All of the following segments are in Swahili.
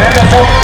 Anderson.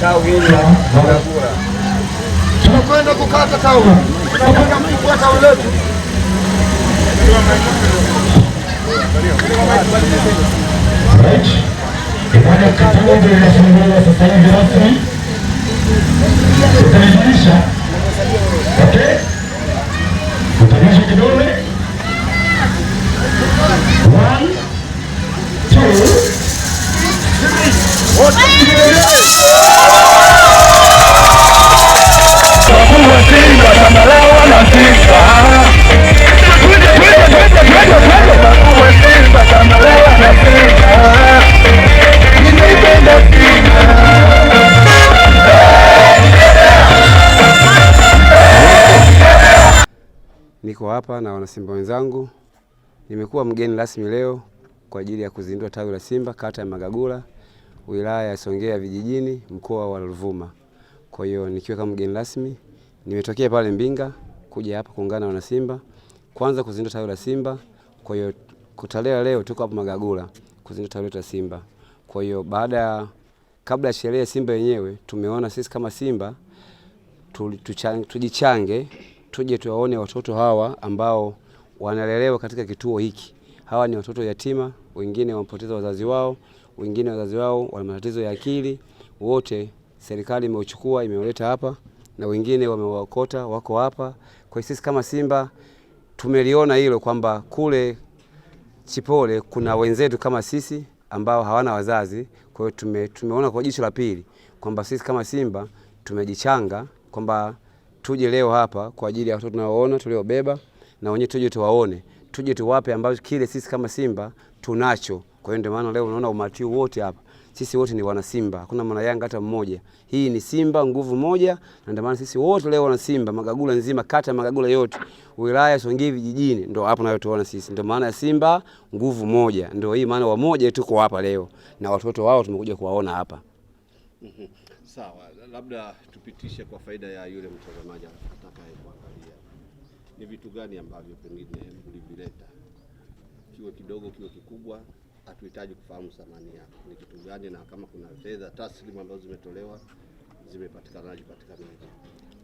tawi hili la Kagura. Tunakwenda kukata tawi, tunakwenda kufungua tawi letu. Ibada ya kitabu inafunguliwa sasa hivi rasmi, tutaimarisha hapa na wanasimba wenzangu, nimekuwa mgeni rasmi leo kwa ajili ya kuzindua tawi la Simba kata ya Magagula wilaya ya Songea vijijini mkoa wa Ruvuma. Kwa hiyo nikiwa kama mgeni rasmi nimetokea pale Mbinga kuja hapa kuungana na wanasimba kwanza kuzindua tawi la Simba. Kwa hiyo kutalea leo tuko hapa Magagula kuzindua tawi la Simba. Kwa hiyo baada ya kabla ya sherehe Simba yenyewe tumeona sisi kama Simba tujichange tuje tuwaone watoto hawa ambao wanalelewa katika kituo hiki. Hawa ni watoto yatima, wengine wamepoteza wazazi wao, wengine wazazi wao wana matatizo ya akili. Wote serikali imeuchukua imewaleta hapa, na wengine wamewakota wako hapa. Kwa sisi kama Simba tumeliona hilo kwamba kule Chipole kuna wenzetu kama sisi ambao hawana wazazi. Kwa hiyo tume, tumeona kwa jicho la pili kwamba sisi kama Simba tumejichanga kwamba tuje leo hapa kwa ajili ya watoto tunaoona tuliobeba, na wenyewe tuje tuwaone, tuje tuwape ambacho kile sisi kama Simba tunacho. Kwa hiyo ndio maana leo unaona umati wote hapa, sisi wote ni wana Simba, hakuna mwana Yanga hata mmoja. Hii ni Simba nguvu moja, na ndio maana sisi wote leo wana Simba, Magagula nzima, kata Magagula yote, wilaya Songea vijijini, ndio hapo nayo tuona sisi, ndio maana ya Simba nguvu moja, ndio hii maana moja, tuko hapa leo na watoto wao tumekuja kuwaona hapa. Sawa labda tupitishe kwa faida ya yule mtazamaji atakaye kuangalia, ni vitu gani ambavyo pengine mlivileta, kiwe kidogo kiwe kikubwa, hatuhitaji kufahamu thamani yake ni kitu gani, na kama kuna fedha taslimu ambazo zimetolewa zimepatikanaje patikanaje?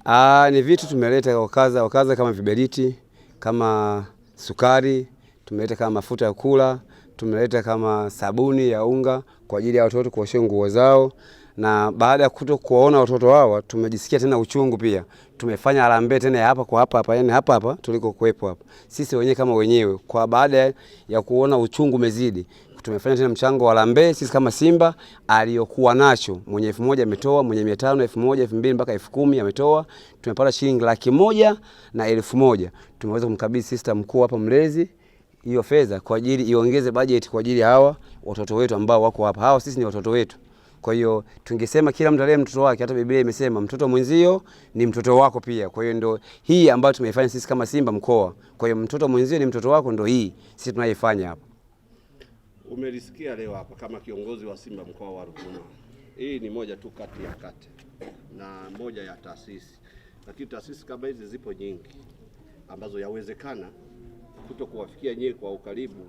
Ah, ni vitu tumeleta wakaza wakaza, kama viberiti, kama sukari, tumeleta kama mafuta ya kula, tumeleta kama sabuni ya unga kwa ajili ya watoto kuoshea nguo zao na baada ya kuto kuwaona watoto hawa tumejisikia tena uchungu pia. Tumefanya harambee tena hapa kwa hapa hapa, yani hapa hapa tulikokuwepo hapa sisi wenyewe kama wenyewe, kwa baada ya kuona uchungu umezidi, tumefanya tena mchango wa harambee sisi kama Simba aliyokuwa nacho mwenye elfu moja ametoa, mwenye mia tano, elfu moja, elfu mbili mpaka elfu kumi ametoa. Tumepata shilingi laki moja na elfu moja tumeweza kumkabidhi sista mkuu hapa mlezi hiyo fedha kwa ajili iongeze bajeti kwa ajili ya hawa watoto wetu ambao wako hapa. Hawa sisi ni watoto wetu. Kwa hiyo tungesema kila mtu alee mtoto wake, hata Biblia imesema mtoto mwenzio ni mtoto wako pia. Kwa hiyo ndo hii ambayo tumeifanya sisi kama Simba mkoa. Kwa hiyo mtoto mwenzio ni mtoto wako, ndo hii sisi tunaifanya hapa. Umelisikia leo hapa kama kiongozi wa Simba mkoa wa Ruvuma. Hii ni moja tu kati ya kata na moja ya taasisi, lakini taasisi kama hizi zipo nyingi ambazo yawezekana kuto kuwafikia nyie kwa ukaribu,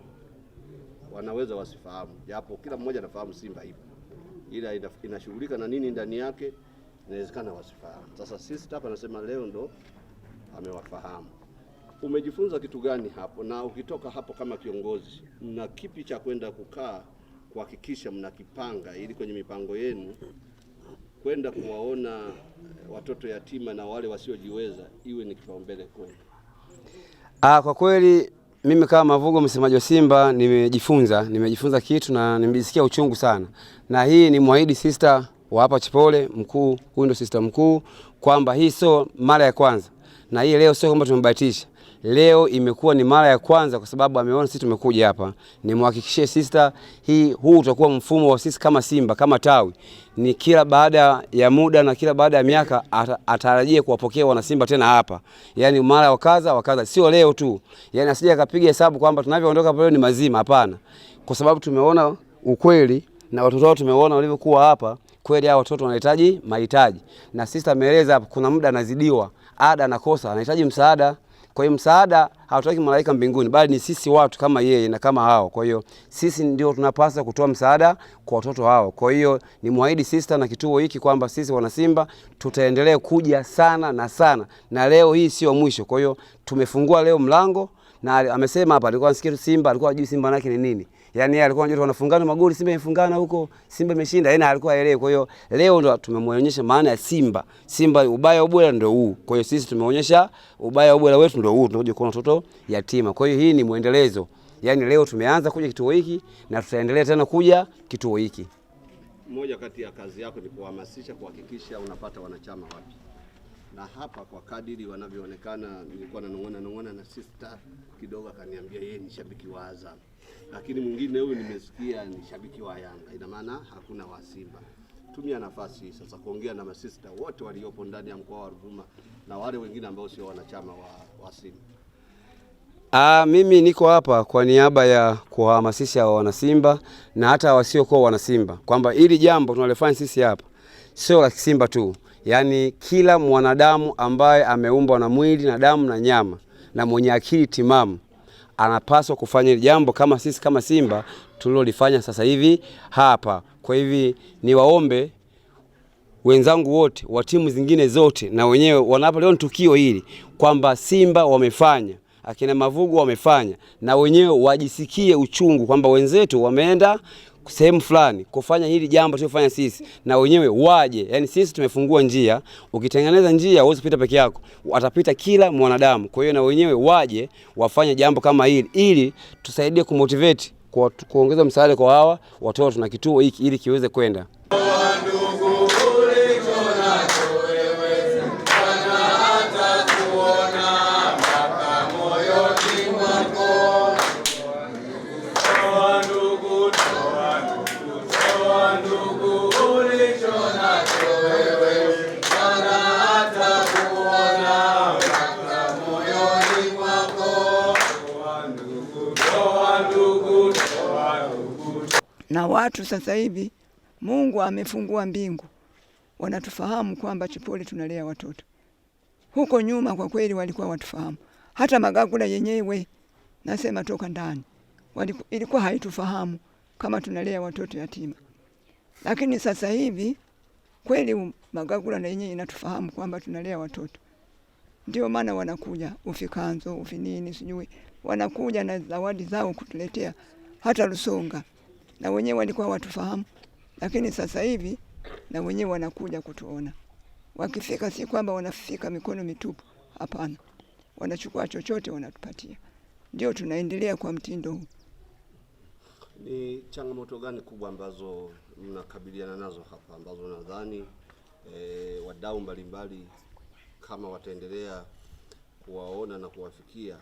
wanaweza wasifahamu, japo kila mmoja anafahamu Simba ipo ila inashughulika na nini ndani yake, inawezekana wasifahamu. Sasa sisi hapa nasema leo ndo amewafahamu. Umejifunza kitu gani hapo? Na ukitoka hapo kama kiongozi, na kipi cha kwenda kukaa kuhakikisha mnakipanga ili kwenye mipango yenu kwenda kuwaona watoto yatima na wale wasiojiweza iwe ni kipaumbele kwenu? Ah, kwa kweli mimi kama Mavugo, msemaji wa Simba, nimejifunza nimejifunza kitu na nimejisikia uchungu sana, na hii ni mwahidi sister wa hapa Chipole, mkuu huyu ndo sister mkuu, kwamba hii sio mara ya kwanza, na hii leo sio kwamba tumebahatisha leo imekuwa ni mara ya kwanza, kwa sababu ameona sisi tumekuja hapa. Nimhakikishie sister, hii huu utakuwa mfumo wa sisi kama Simba kama tawi, ni kila baada ya muda na kila baada ya miaka atarajie kuwapokea wana Simba tena hapa, yani mara wakaza wakaza, sio leo tu, yani asije akapiga hesabu kwamba tunavyoondoka hapa leo ni mazima. Hapana, kwa sababu tumeona ukweli na watoto wao tumeona walivyokuwa hapa kweli hao watoto wanahitaji mahitaji, na sister ameeleza kuna muda anazidiwa ada, anakosa anahitaji msaada. Kwa hiyo msaada hautaki malaika mbinguni, bali ni sisi watu kama yeye na kama hao. Kwa hiyo sisi ndio tunapaswa kutoa msaada kwa watoto hao. Kwa hiyo ni mwahidi sista na kituo hiki kwamba sisi wanasimba tutaendelea kuja sana na sana, na leo hii sio mwisho. Kwa hiyo tumefungua leo mlango, na amesema hapa, alikuwa nasikia Simba, alikuwa ajui Simba nake ni nini yani yeye alikuwa anajua tunafungana magoli, Simba imefungana huko, Simba imeshinda, yeye alikuwa aelewe. Kwa hiyo leo ndo tumemwonyesha maana ya Simba. Simba ubaya ubora ndio huu. Kwa hiyo sisi tumeonyesha ubaya ubora wetu ndio huu, tunakuja kuona watoto yatima. Kwa hiyo hii ni mwendelezo, yani leo tumeanza kuja kituo hiki na tutaendelea tena kuja kituo hiki. Moja kati ya kazi yako ni kuhamasisha, kuhakikisha unapata wanachama wapi na hapa kwa kadiri wanavyoonekana, nilikuwa nanong'ona nong'ona na sister kidogo, akaniambia yeye ni shabiki wa Azam lakini mwingine huyu nimesikia ni shabiki wa Yanga, ina maana hakuna wa Simba. Tumia nafasi hii sasa kuongea na masista wote waliopo ndani ya mkoa wa Ruvuma na wale wengine ambao sio wanachama wa, wa Simba. Aa, ah, mimi niko hapa kwa niaba ya kuwahamasisha wanasimba na hata wasiokuwa wanasimba kwamba ili jambo tunalofanya sisi hapa sio la Simba tu, yaani kila mwanadamu ambaye ameumbwa na mwili na damu na nyama na mwenye akili timamu anapaswa kufanya jambo kama sisi kama Simba tulilolifanya sasa hivi hapa. Kwa hivi niwaombe wenzangu wote wa timu zingine zote na wenyewe wanapo, leo ni tukio hili kwamba Simba wamefanya, akina Mavugu wamefanya, na wenyewe wajisikie uchungu kwamba wenzetu wameenda sehemu fulani kufanya hili jambo tuliofanya sisi, na wenyewe waje. Yani sisi tumefungua njia, ukitengeneza njia huwezi kupita peke yako, atapita kila mwanadamu. Kwa hiyo na wenyewe waje wafanye jambo kama hili, ili tusaidie kumotivate, kuongeza msaada kwa hawa watoto na kituo hiki ili kiweze kwenda watu sasa hivi Mungu amefungua mbingu, wanatufahamu kwamba Chipole tunalea watoto. Huko nyuma kwa kweli walikuwa watufahamu, hata Magagula yenyewe nasema toka ndani waliku, ilikuwa haitufahamu kama tunalea watoto yatima, lakini sasa hivi kweli Magagula na yenyewe inatufahamu kwamba tunalea watoto. Ndio maana wanakuja ufikanzo ufinini, sijui wanakuja na zawadi zao kutuletea hata Rusonga na wenyewe walikuwa watufahamu, lakini sasa hivi na wenyewe wanakuja kutuona. Wakifika si kwamba wanafika mikono mitupu, hapana, wanachukua chochote wanatupatia. Ndio tunaendelea kwa mtindo huu. Ni changamoto gani kubwa ambazo mnakabiliana nazo hapa ambazo nadhani e, wadau mbalimbali kama wataendelea kuwaona na kuwafikia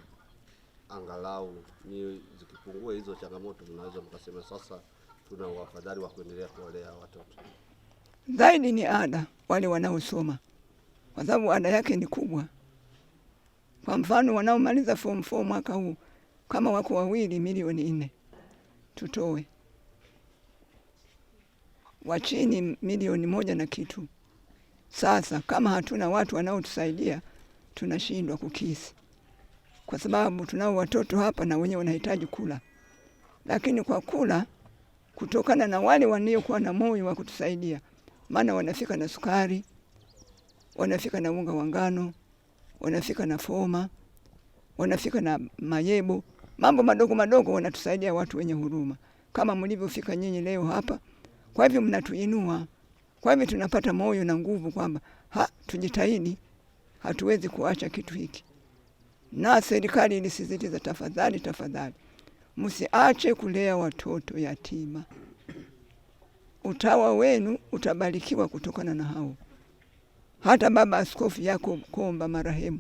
angalau ni zikipungua hizo changamoto, mnaweza mkasema sasa tuna wafadhali wa kuendelea kuwalea watoto. Zaidi ni ada wale wanaosoma, kwa sababu ada yake ni kubwa. Kwa mfano wanaomaliza form 4 mwaka huu kama wako wawili, milioni nne tutoe, wa chini milioni moja na kitu. Sasa kama hatuna watu wanaotusaidia tunashindwa kukisi kwa sababu tunao watoto hapa na wenyewe wanahitaji kula, lakini kwa kula kutokana na wale waliokuwa na moyo wa kutusaidia, maana wanafika na sukari, wanafika na unga wa ngano, wanafika na foma, wanafika na mayebo, mambo madogo madogo, wanatusaidia watu wenye huruma kama mlivyofika nyinyi leo hapa. Kwa hivyo mnatuinua, kwa hivyo tunapata moyo na nguvu kwamba ha, tujitahidi, hatuwezi kuacha kitu hiki na serikali ilisisitiza, tafadhali tafadhali, msiache kulea watoto yatima. Utawa wenu utabarikiwa kutokana na hao. Hata baba askofu Yakobo Komba marehemu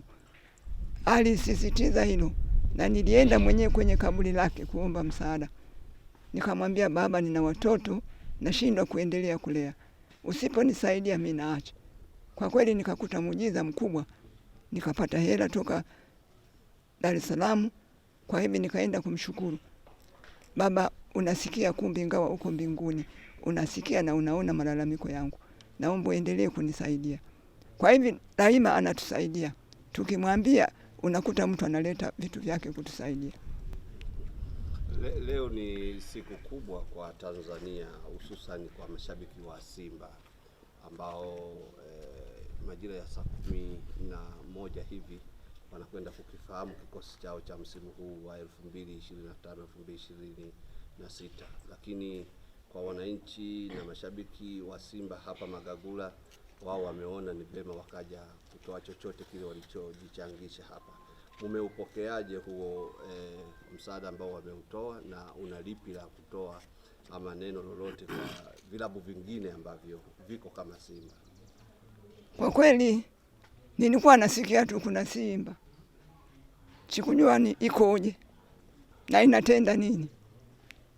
alisisitiza hilo, na nilienda mwenyewe kwenye kaburi lake kuomba msaada. Nikamwambia, baba, nina watoto nashindwa kuendelea kulea, usiponisaidia mimi naacha. Kwa kweli nikakuta muujiza mkubwa, nikapata hela toka Dar es Salaam. Kwa hivi nikaenda kumshukuru Baba, unasikia kumbi ingawa uko mbinguni unasikia na unaona malalamiko yangu, naomba uendelee kunisaidia. Kwa hivi daima anatusaidia tukimwambia, unakuta mtu analeta vitu vyake kutusaidia. Le, leo ni siku kubwa kwa Tanzania hususan kwa mashabiki wa Simba ambao eh, majira ya saa kumi na moja hivi wanakwenda kukifahamu kikosi chao cha msimu huu wa 2025 2026, lakini kwa wananchi na mashabiki wa Simba hapa Magagula, wao wameona ni vema wakaja kutoa chochote kile walichojichangisha hapa. Umeupokeaje huo e, msaada ambao wameutoa na una lipi la kutoa ama neno lolote kwa vilabu vingine ambavyo viko kama Simba? Kwa kweli nilikuwa nasikia tu kuna Simba chikunywani ikoje na inatenda nini,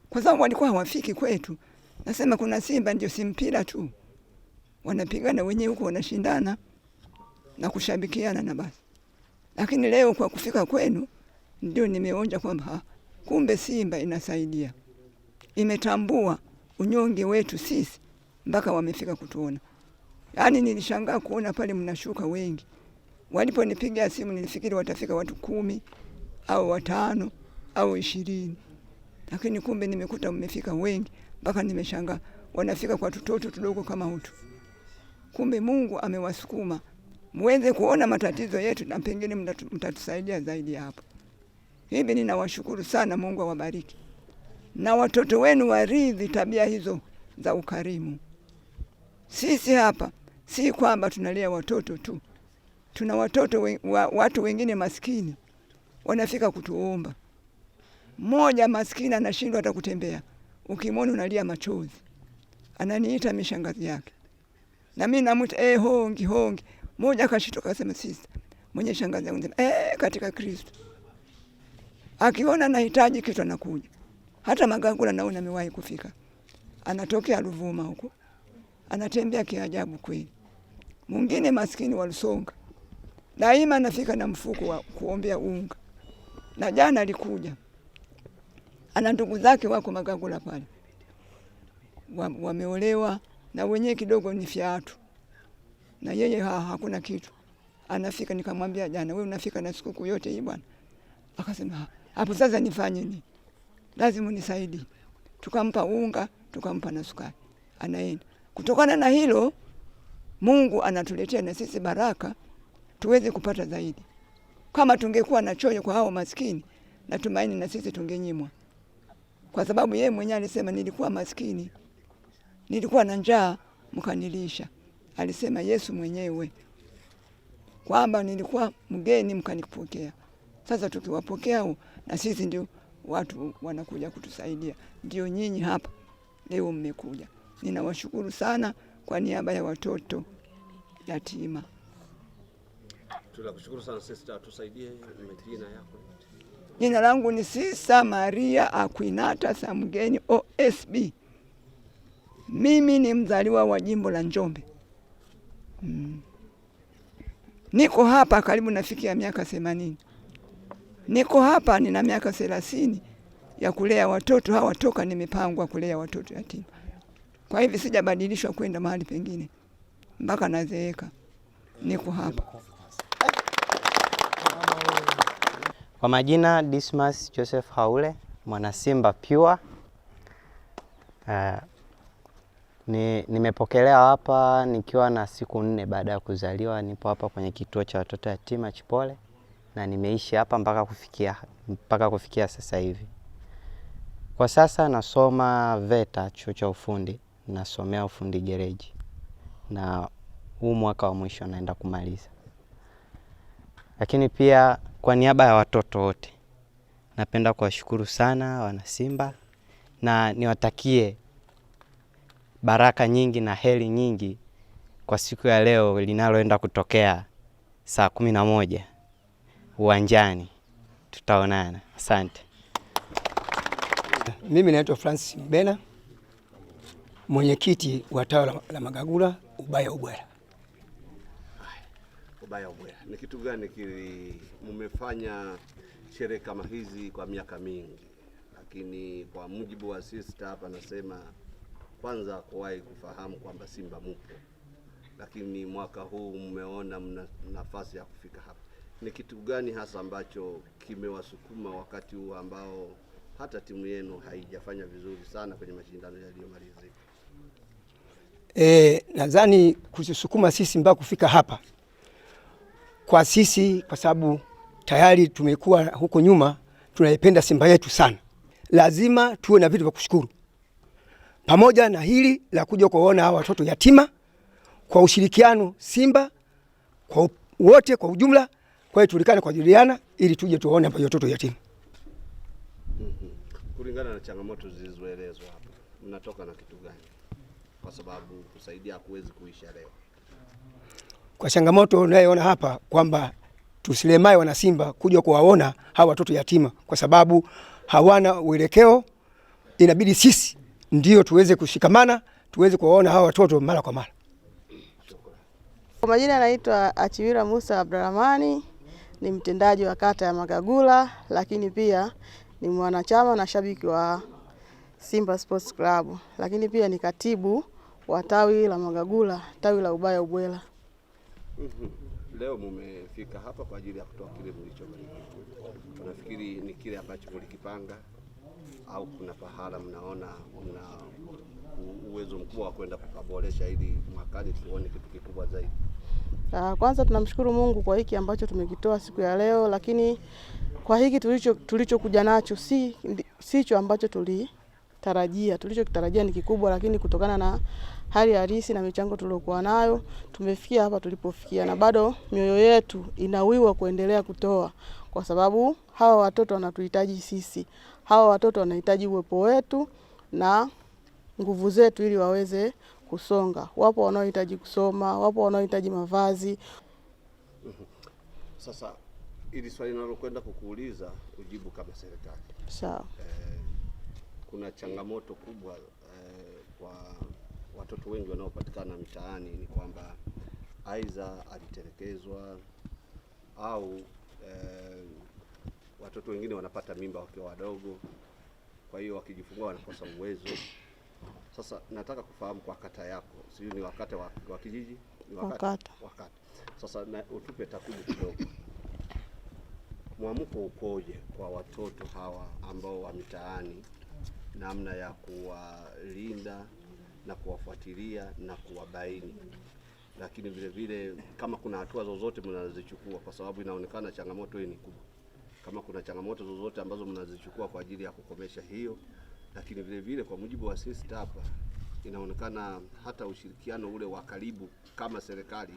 kwa sababu walikuwa hawafiki kwetu. Nasema kuna Simba ndio simpira tu, wanapigana wenyewe huko, wanashindana na kushabikiana na basi. Lakini leo kwa kufika kwenu ndio nimeonja kwamba kumbe Simba inasaidia, imetambua unyonge wetu sisi mpaka wamefika kutuona. Yaani nilishangaa kuona pale mnashuka wengi. Waliponipiga simu nilifikiri watafika watu kumi au watano au ishirini, lakini kumbe nimekuta mmefika wengi, mpaka nimeshangaa wanafika kwa tutoto tudogo kama hutu. Kumbe Mungu amewasukuma muweze kuona matatizo yetu na pengine mtatusaidia zaidi hapo. Hivi ninawashukuru sana, Mungu awabariki na watoto wenu waridhi tabia hizo za ukarimu. Sisi hapa si kwamba tunalea watoto tu, tuna watoto we, wa, watu wengine maskini wanafika kutuomba. Mmoja maskini anashindwa hata kutembea, ukimwona unalia machozi, ananiita mishangazi yake, na mimi namuita eh, hongi hongi. Mmoja akashitoka akasema, sisi mwenye shangazi yangu eh, katika Kristo akiona anahitaji kitu anakuja. Hata Magangula naona amewahi kufika, anatokea Ruvuma huko, anatembea kiajabu kweli. Mwingine maskini wa daima nafika na mfuko wa kuombea unga, na jana alikuja ana ndugu zake wako Magagula pale wameolewa na wenyewe kidogo ni fiatu na yeye ha, hakuna kitu anafika. Nikamwambia jana, wewe unafika na sikukuu yote hii bwana. Akasema hapo sasa nifanye nini? Lazima nisaidie. Tukampa unga, tukampa na sukari, anaenda. Kutokana na hilo, Mungu anatuletea na sisi baraka tuweze kupata zaidi. Kama tungekuwa na choyo kwa hao maskini, natumaini na sisi tungenyimwa, kwa sababu yeye mwenyewe alisema nilikuwa maskini, nilikuwa na njaa mkanilisha. Alisema Yesu mwenyewe kwamba nilikuwa mgeni mkanipokea. Sasa tukiwapokea na sisi ndio watu wanakuja kutusaidia, ndio nyinyi hapa leo mmekuja. Ninawashukuru sana kwa niaba ya watoto yatima. Tunakushukuru sana sister, tusaidie majina yako. Jina langu ni Sista Maria Akwinata Samgeni OSB. Mimi ni mzaliwa wa jimbo la Njombe. Mm. Niko hapa karibu nafikia miaka themanini. Niko hapa nina miaka thelathini ya kulea watoto hawa toka nimepangwa kulea watoto yatima. Kwa hivi sijabadilishwa kwenda mahali pengine mpaka nazeeka. Niko hapa. Kwa majina Dismas Joseph Haule, mwana Simba pure. Uh, ni nimepokelewa hapa nikiwa na siku nne baada ya kuzaliwa. Nipo hapa kwenye kituo cha watoto yatima Chipole na nimeishi hapa mpaka kufikia, mpaka kufikia sasa hivi. Kwa sasa nasoma VETA chuo cha ufundi, nasomea ufundi gereji na huu mwaka wa mwisho naenda kumaliza. Lakini pia kwa niaba ya watoto wote napenda kuwashukuru sana wanasimba na niwatakie baraka nyingi na heri nyingi kwa siku ya leo linaloenda kutokea saa kumi na moja uwanjani. Tutaonana, asante. Mimi naitwa Francis Mbena, mwenyekiti wa tawa la Magagula ubaya ubwera Bayabwe, ni kitu gani kili mmefanya sherehe kama hizi kwa miaka mingi, lakini kwa mujibu wa sista hapa anasema kwanza kuwahi kufahamu kwamba Simba mupo, lakini mwaka huu mmeona mna nafasi ya kufika hapa. Ni kitu gani hasa ambacho kimewasukuma wakati huu ambao hata timu yenu haijafanya vizuri sana kwenye mashindano yaliyomalizika? E, nadhani kuzisukuma sisi mpaka kufika hapa kwa sisi, kwa sababu tayari tumekuwa huko nyuma, tunaipenda Simba yetu sana. Lazima tuwe na vitu vya kushukuru, pamoja na hili la kuja kuwaona hawa watoto yatima, kwa ushirikiano Simba kwa wote kwa ujumla. Kwa hiyo tulikana kwa jiliana ili tuje tuwaone hapa watoto yatima. Mm-hmm. Kulingana na changamoto zilizoelezwa hapa, mnatoka na kitu gani? Kwa sababu kusaidia hakuwezi kuisha leo kwa changamoto unayoona hapa kwamba tusilemae wana Simba kuja kuwaona hawa watoto yatima, kwa sababu hawana uelekeo. Inabidi sisi ndio tuweze kushikamana, tuweze kuwaona hawa watoto mara kwa mara. Kwa majina anaitwa Achiwira Musa Abdurahmani, ni mtendaji wa kata ya magagula lakini pia ni mwanachama na shabiki wa Simba Sports Club, lakini pia ni katibu wa tawi la magagula tawi la Ubaya Ubwela. Leo mumefika hapa kwa ajili ya kutoa kile mlichobarikiwa. Tunafikiri ni kile ambacho mlikipanga au kuna pahala mnaona mna uwezo mkubwa wa kwenda kukaboresha ili mwakani tuone kitu kikubwa zaidi? Ah, kwanza tunamshukuru Mungu kwa hiki ambacho tumekitoa siku ya leo, lakini kwa hiki tulichokuja tulicho nacho si sicho ambacho tuli tarajia. Tulichokitarajia ni kikubwa, lakini kutokana na hali halisi na michango tuliokuwa nayo tumefikia hapa tulipofikia, na bado mioyo yetu inawiwa kuendelea kutoa, kwa sababu hawa watoto wanatuhitaji sisi, hawa watoto wanahitaji uwepo wetu na nguvu zetu ili waweze kusonga. Wapo wanaohitaji kusoma, wapo wanaohitaji mavazi. Sasa ili swali nalokwenda kukuuliza ujibu kama serikali, sawa? kuna changamoto kubwa eh, kwa watoto wengi wanaopatikana mitaani ni kwamba aidha alitelekezwa au eh, watoto wengine wanapata mimba wakiwa wadogo, kwa hiyo wakijifungua wanakosa uwezo. Sasa nataka kufahamu kwa kata yako, sijui ni wakata wa kijiji ni wakata, wakata. Sasa na utupe takwimu kidogo, mwamko ukoje kwa watoto hawa ambao wa mitaani namna ya kuwalinda na kuwafuatilia na kuwabaini, lakini vile vile kama kuna hatua zozote mnazichukua, kwa sababu inaonekana changamoto hii ni kubwa, kama kuna changamoto zozote ambazo mnazichukua kwa ajili ya kukomesha hiyo. Lakini vile vile kwa mujibu wa sisi hapa, inaonekana hata ushirikiano ule wa karibu kama serikali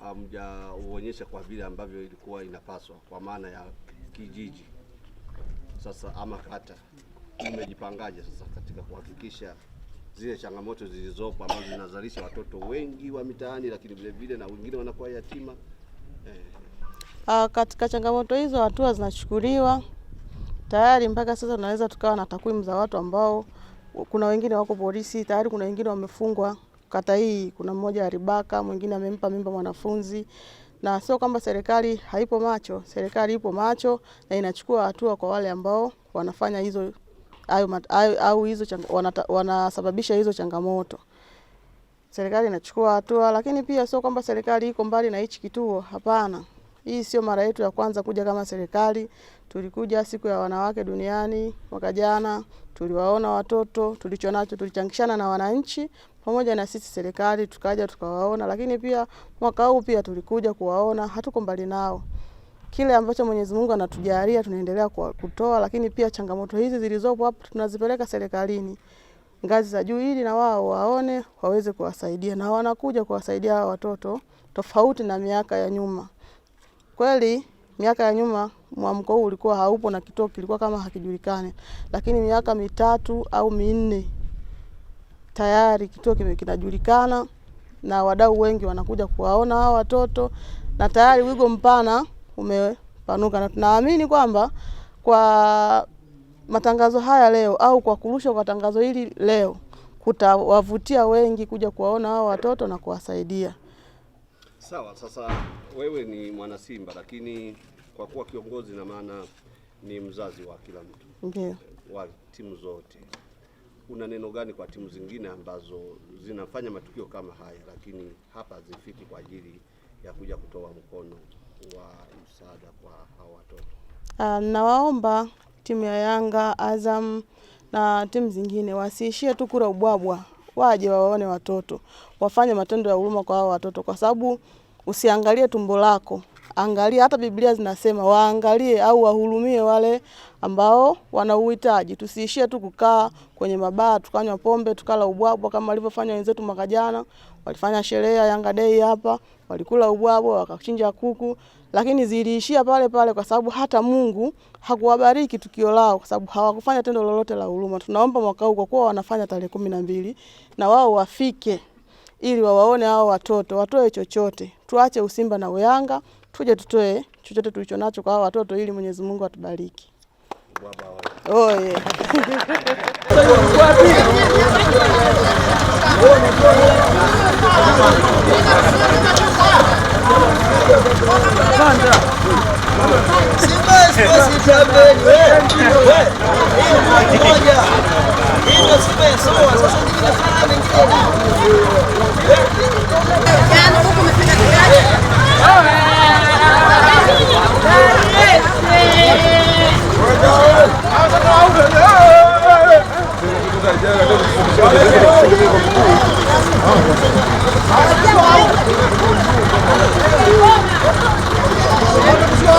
hamjauonyesha kwa vile ambavyo ilikuwa inapaswa, kwa maana ya kijiji sasa ama kata mmejipangaje sasa katika kuhakikisha zile changamoto zilizopo ambazo zinazalisha watoto wengi wa mitaani, lakini vile vile na wengine wanakuwa yatima eh? Uh, katika changamoto hizo hatua zinachukuliwa tayari. Mpaka sasa tunaweza tukawa na takwimu za watu ambao kuna wengine wako polisi tayari, kuna wengine wamefungwa kata hii. Kuna mmoja alibaka, mwingine amempa mimba mwanafunzi, na sio kwamba serikali haipo macho. Serikali ipo macho na inachukua hatua kwa wale ambao wanafanya hizo au, au hizo wanasababisha hizo changamoto. Serikali inachukua hatua, lakini pia sio kwamba serikali iko mbali na hichi kituo, hapana. Hii sio mara yetu ya kwanza kuja kama serikali. Tulikuja siku ya wanawake duniani mwaka jana, tuliwaona watoto, tulicho nacho tulichangishana na wananchi pamoja na sisi serikali, tukaja tukawaona, lakini pia mwaka huu pia tulikuja kuwaona, hatuko mbali nao kile ambacho Mwenyezi Mungu anatujalia tunaendelea kutoa, lakini pia changamoto hizi zilizopo hapo tunazipeleka serikalini ngazi za juu, ili na wao waone waweze kuwasaidia, na wanakuja kuwasaidia hawa watoto, tofauti na miaka ya nyuma. Kweli miaka ya nyuma mwamko huu ulikuwa haupo na kituo kilikuwa kama hakijulikani, lakini miaka mitatu au minne tayari kituo kinajulikana na wadau wengi wanakuja kuwaona hawa watoto na tayari wigo mpana umepanuka, na tunaamini kwamba kwa matangazo haya leo au kwa kurushwa kwa tangazo hili leo kutawavutia wengi kuja kuwaona hao watoto na kuwasaidia. Sawa. Sasa wewe ni mwana Simba, lakini kwa kuwa kiongozi na maana ni mzazi wa kila mtu, ndiyo, wa timu zote, una neno gani kwa timu zingine ambazo zinafanya matukio kama haya, lakini hapa hazifiki kwa ajili ya kuja kutoa mkono? kuwa msaada kwa hawa watoto? Uh, ah, nawaomba timu ya Yanga, Azam na timu zingine wasiishie tu kura ubwabwa, waje wawaone watoto, wafanye matendo ya huruma kwa hao watoto, kwa sababu usiangalie tumbo lako angalia, hata Biblia zinasema waangalie au wahurumie wale ambao wana uhitaji. Tusiishie tu kukaa kwenye mabaa tukanywa pombe tukala ubwabwa kama walivyofanya wenzetu mwaka jana. Walifanya sherehe ya Yanga Day hapa, walikula ubwabwa, wakachinja kuku, lakini ziliishia pale pale, kwa sababu hata Mungu hakuwabariki tukio lao, kwa sababu hawakufanya tendo lolote la huruma. Tunaomba mwaka huu kwa kuwa wanafanya tarehe kumi na mbili na wao wafike, ili wawaone hao watoto, watoe chochote tuache usimba na uyanga, tuje tutoe chochote tulicho nacho kwa watoto ili Mwenyezi Mungu atubariki. Oh, Let's go!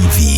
TV.